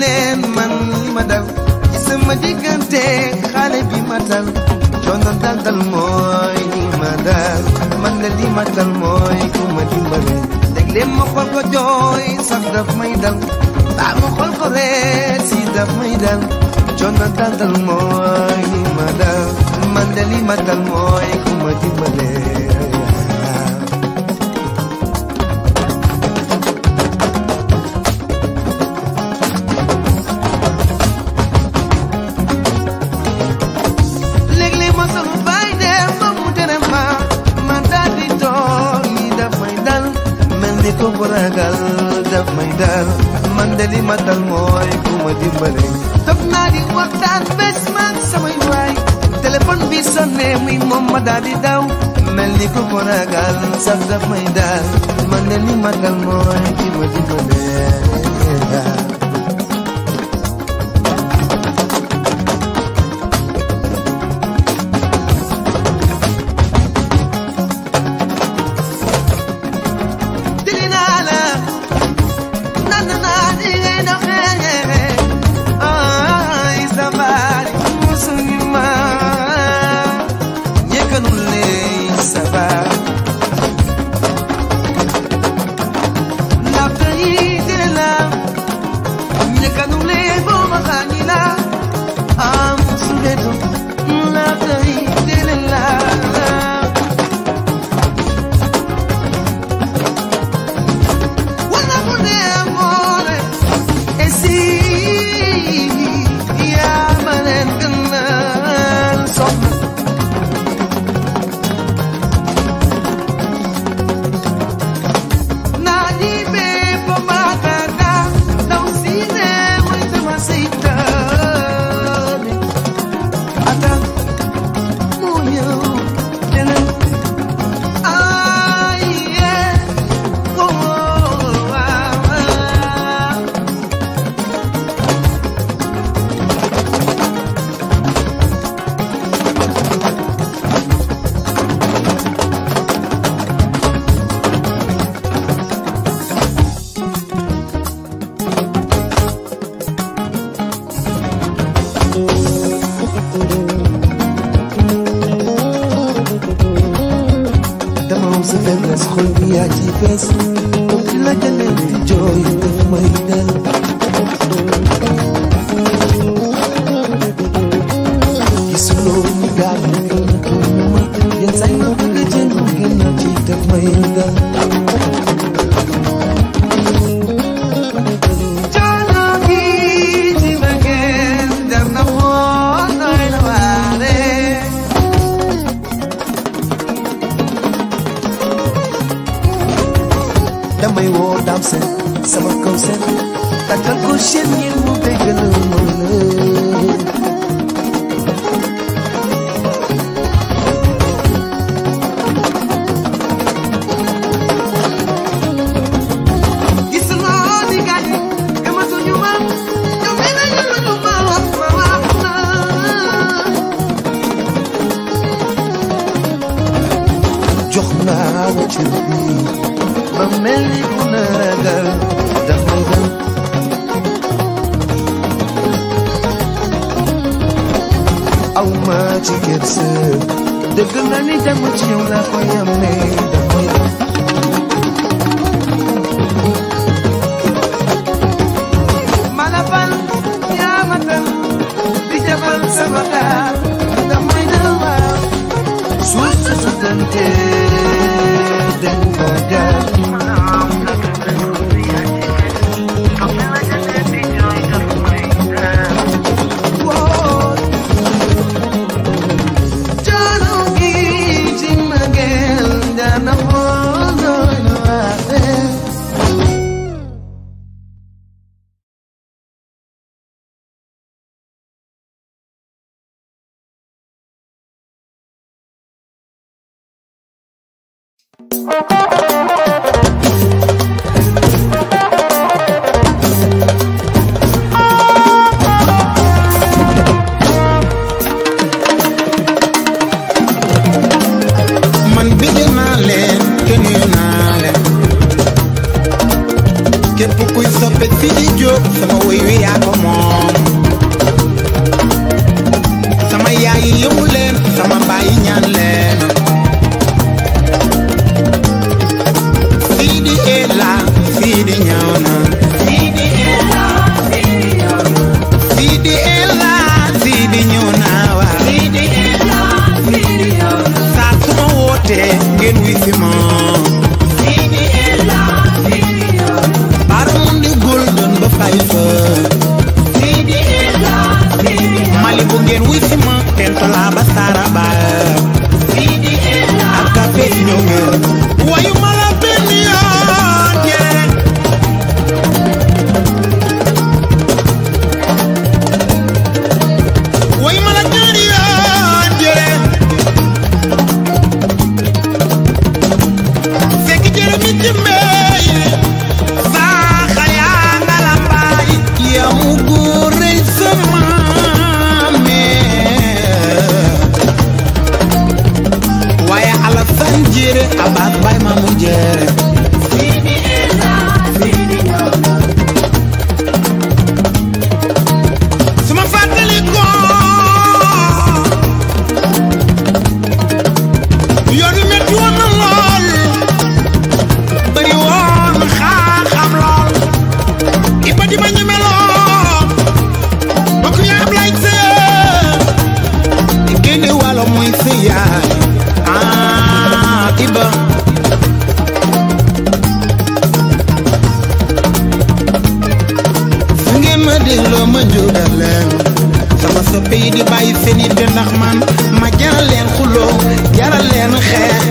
leen man li ma dal ci sama xale bi ma dal coono dal mooy li ma man la li ma mooy ku ma dimbale léeg-léeg ma xool ko jooy sax daf may dal baa ma xool ko reer si daf may dal coono dal dal mooy li ma man la li ma mooy ku ma dimbale ma dal ku ma dimbale toog naa di waxtaan bés man samay waay téléphone bi sonné muy moom ma di daw mel ni ku ko ragal sax daf may daal man ne li ma ki ma dimbale moom sa faiblesse xol bi yaa ci fees donc la ca nekk di jooy daf may dal may woo daam seen sama kaw seen takkal ko seen ngeen mu déggal ma aw much ci kër sër dëgg nga ni dem you, love for your name. Música seen yitte ndax man ma jaral leen xuloo jaral leen xeex